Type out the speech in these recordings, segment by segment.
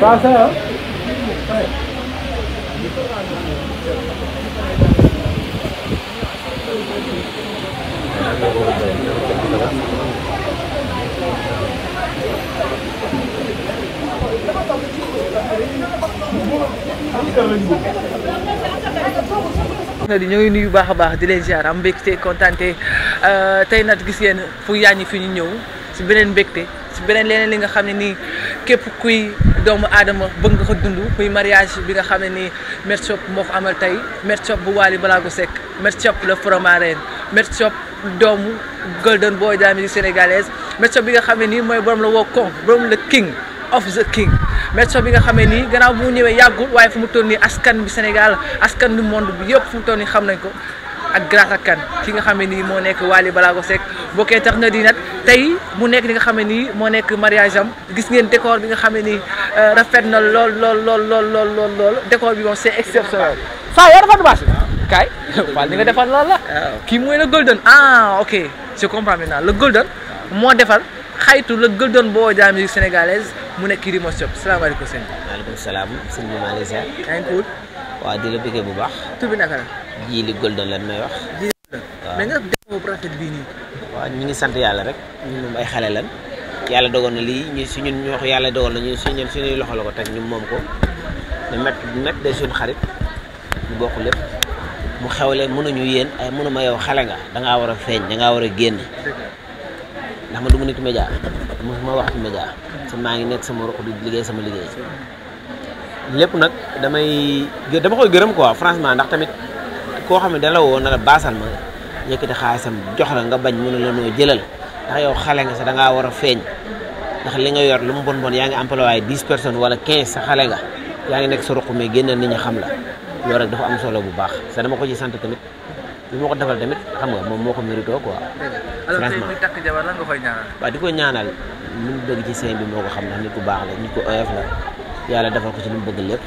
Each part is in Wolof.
Bahasa na di ñëw nuyu baaxa baax di leen ziar am mbégte contenté euh, tey nag gis ngeen fu yàññi fi ñu ñëw si beneen mbégte si beneen leneen li nga képp kuy doomu aadama bëgg nga ko dund kuy mariage bi nga xam ne nii Met Shop moo ko amal tey Met Shop bu Wally Ballago Seck Met Shop la fromareen Met Shop doomu Golden Boy de la musique sénégalaise Met Shop bi nga xam ne nii mooy borom la woo kong borom la king of the king Met Shop bi nga xam ne nii gannaaw bu mu ñëwee yàggul waaye fu mu toll nii askan bi Sénégal askan bi monde bi yëpp fu mu toll nii xam nañ ko ak grâce ak kan ki nga xam ni moo nekk Wally Balago Seck bokkee tax na di nag tey mu nekk li nga xam ne nii moo nekk mariage am gis ngeen décor bi nga xam ne nii euh, rafet na lool lool lool lool lool lool lool décor bi moom c'est exceptionnel. saa yoo rafetlu baax kaay waaw li nga defar lool la. kii mooy le golden ah ok je comprends maintenant le moo defal xaytu la golden boo de la sénégalaise mu nekk kii di Mos Diop salaamaaleykum sëñ salaam sëñ bi maa ngi lay la bëggee bu baax. bi naka jiili golden lañ may wax. da nga demoo prophète bi ni wa ñu ngi sante yalla rek ñu moom ay xalé lañ yalla dogal na lii ñu ñun ñoo ko yàlla dogal na ñu ñun suñu loxo lako tak ñu mom ko ñu met met de suñu xarit ñu bokku lepp mu xewle mënu ñu yeen ay mënu ma yow xalé nga da nga wara feñ da nga wara genn ndax ma du ma media mu ma wax ci média sa ngi nek sama roq du liggey sama liggey lepp nak damay dama koy gëreum quoi franchement ndax tamit ko xamni da la woo na la baasal ma yëkkati xaalisam jox la nga bañ mëna la no jëlal ndax yow xalé nga sa da nga wara feñ feeñ ndax li nga yor lu mu bon bon ya nga employé 10 personnes wala 15 sa xalé nga ya nga nek sa me mais génnal nit ñi xam la loolu rek dafa am solo bu baax sa dama ko ci sante tamit li moko ko defal tamit xam nga mom moko mérito quoi franchement alors tak jabar la nga koy ñaanal ba diko ñaanal lu mu bëgg ci sey bi moo ko xam na nit ku baax la nit ku oeuf la yalla defal ko ci lu mu bëgg lepp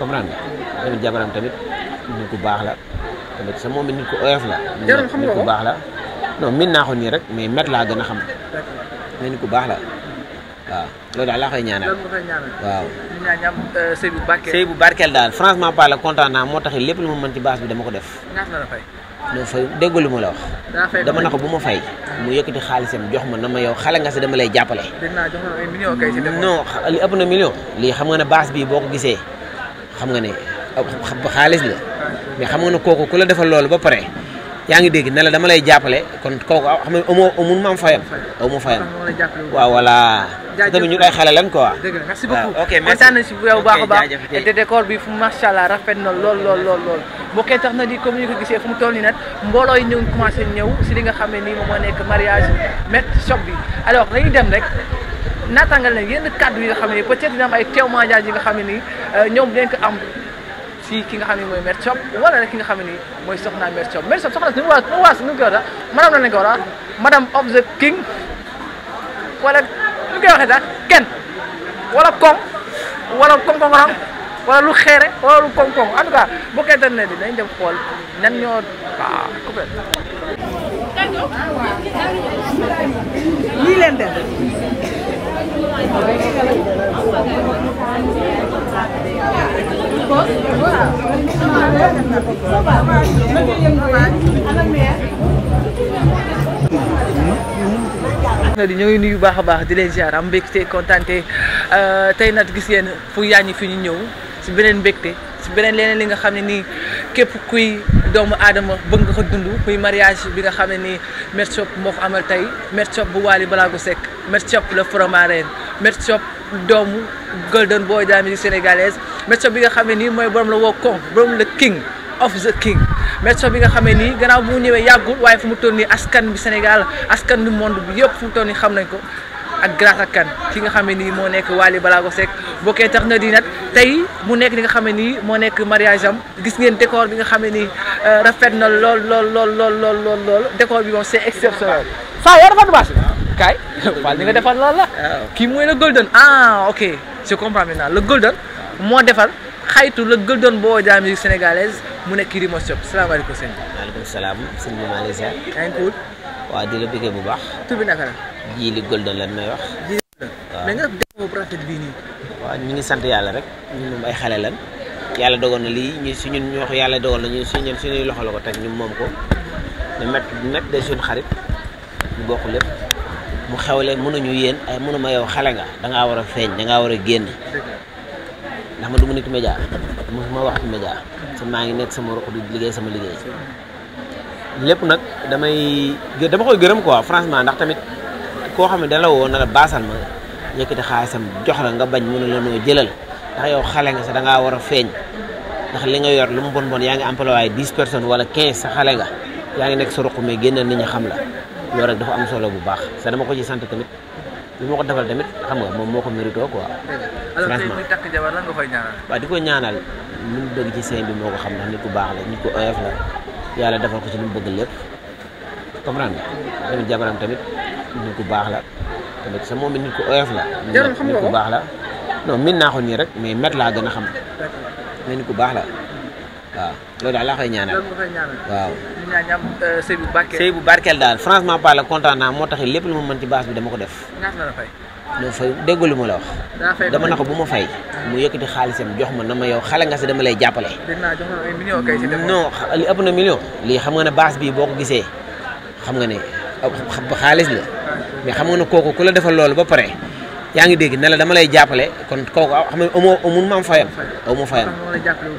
comprendre nga jabaram tamit nit ku baax la tamit sa moom nit ku oyof la. nit ku baax la. non min naa ko nii rek mais met laa gën a xam. mais nit ku baax la waaw loolu daal laa koy ñaanal. waaw. Euh, sëy bu barkeel sëy bu barkeel daal franchement parler kontaan naa moo tax lépp lu ma mën ci baas bi dama ko def. non fay déggu lu ma la wax. dama na ko bu ma fay. mu yëkkati xaalisam jox ma na ma yow xale nga si dama lay jàppale. non li ëpp na million. lii xam nga ne baas bii boo ko gisee xam nga ne xaalis la. mais xam nga koku kula defal lolou ba pare yaa ngi dégg ne la dama lay jappalé kon koku ah, xam nga amu amu ma fayam aw ma fayam wa wala tamit ñu ay xalé lan quoi dëgg la merci beaucoup ok merci kontaan na yow bu baax a baax te décor bi fu machallah rafet na lol lol lol bu ké tax na di comme ñu ko gisee fu mu tolli nat mbolo ñu commencé ñew ci li nga xamé ni mo nekk mariage met shop bi alors lay dem rek naatangal na yeen kàddu yi nga xamé peut être dina am ay témoignage yi nga xamé ni euh, ñom dañ ko am si ki nga xam ne mooy Mère Thiop wala ki nga xam ni mooy soxna Mère Thiop Mère Thiop soxna si nu waas nu waas nu mu koy waxee madame la nañu ko a madame of the king wala nu koy kenn wala koŋ wala koŋ-koŋoram wala lu xeere wala lu koŋ-koŋ en tout cas bu koy tënnee bi dañ dem xool nan ñoo waaw coupé. lii leen def. di ñëw nuyu baax a baax di leen ziar am mbégte kontante euh, tey nat gis ngeen fu yàññi fi ñu ñëw si beneen mbégte si beneen leneen li nga képp kuy doomu aadama bëgg nga ko dund muy mariage bi nga xam ne nii Met Shop moo ko amal tey Met Shop bu Wally Ballago Seck Met Shop la fromareen Met Shop doomu Golden Boy de la musique sénégalaise Met Shop bi nga xam ne nii mooy borom la woo Kong borom la king of the king Met Shop bi nga xam ne nii gannaaw bu mu ñëwee yàggul waaye fu mu toll nii askan bi Sénégal askan bi monde bi yëpp fu mu toll nii xam nañ ko ak grâce ak ki nga xam ni moo nekk Wally Balago Seck bokkee tax na di nag tey mu nekk li nga xam ne nii moo nekk mariage gis ngeen décor bi nga xame ni euh, rafet na lool lool lool lool lool lool lool décor bi moom c'est exceptionnel. saa yoo dafa dubaas nga defar lool la. kii mooy le golden ah ok je comprends maintenant le golden moo defal xaytu la golden boo daa musique sénégalaise mu nekk Rimo Shop salaamaaleykum sëñ salaam sëñ bi maa ngi lay ziar. la bëggee bu baax. bi naka jiili golden lan may wax mais nga def bracket bi ni wa ñu ngi sante yalla rek ñu moom ay xalé lan yalla dogon na lii ñu si ñun ñu wax yalla dogon na ñu si ñun suñuy loxo la ko teg ñu mom ko ne nah, met met day suñu xarit ñu bokku lepp mu xewle mënu ñu yeen ay eh, mënu ma yow xalé nga da nga wara feñ da nga wara genn ndax ma duma nit mu ma wax ci média sa maa ngi nek sama roq di liggey sama liggey lepp nak damay dama koy gëreum quoi franchement ndax tamit ko xamne da la woo na la basal ma yëkkati xaalisam jox la nga bañ mu ne la no jëlal ndax yow xalé nga sa da nga wara feñ ndax li nga yor lu mu bon bon yaa ngi employé 10 personnes wala 15 sa xalé nga yaa ngi nekk sa ruq me gennal nit ñi xam la lo rek dafa am solo bu baax sa dama ko ci sante tamit bu moko dafal tamit xam nga mom moko mérito quoi. alors tay muy tak jabar la nga koy ñaanal. ba diko ñaanal mu bëgg ci seen bi moko xam ndax nit ku baax la nit ku oyof la yalla dafa ko ci lu bëgg lepp comprendre nga jabaram tamit. nit ku baax la tamit sa moom nit ku oyof la. jarul ko baax la non min naa ko nii rek mais met laa gën a xam. mais nit ku baax la waaw loolu daal laa koy ñaanal. loolu waaw. Euh, sëy bu barkeel bu barkeel daal franchement parler kontaan naa moo tax lépp lu ma mën ci base bi dama ko def. ñaata la la fay. déggu li ma la wax. dama na ko bu ma fay. mu yëkkati xaalisam jox ma na ma yow xale nga si dama lay jàppale. dinaa jox li ëpp na million. lii xam nga ne baas bii boo ko gisee xam nga ne xaalis la. mais xam nga koku kula defal lolou ba pare yaangi ngi dégg ne la dama lay jappalé kon koku ah, xam nga amu amul maam fayam amoo fayam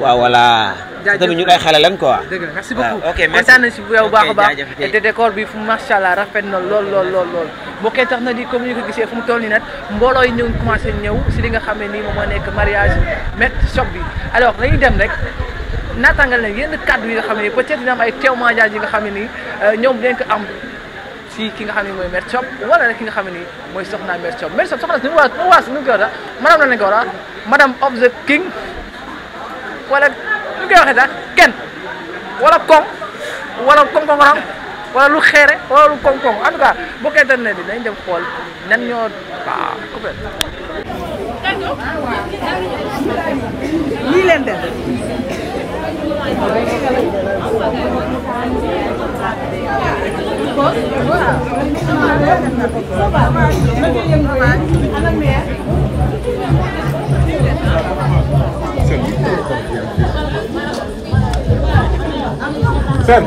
wa wala tamit ñu lay xalé lan quoi dëgg merci beaucoup ok merci kontaan ci si bu yow baax a baax te décor bi fu macha allah rafet na lol lol lol lool bokkee tax na di comme ñu ko gisé fu mu toll nii yi ñu commencé ñew ci li nga xamé ni mo nekk mariage met shop bi alors dañuy dem rek naataangal na yeen kàddu yi nga xam peut être dina am ay tewma jaaji nga xam ne nii euh, ko am ci ki nga xam ne mooy Mère Thiop wala rek ki a xam ne mooy soxna Mère Thiop Mère Thiop soxna si nu waa nu waa si nu mu koy waxee madame la nekk wala madame of the king wala nu koy waxee sax kenn wala koŋ wala koŋ-koŋ xam wala lu xeere wala lu koŋ-koŋ en tout cas bu ko internet bi nañ dem xool nan ñoo waaw coupé. lii leen def. Sen.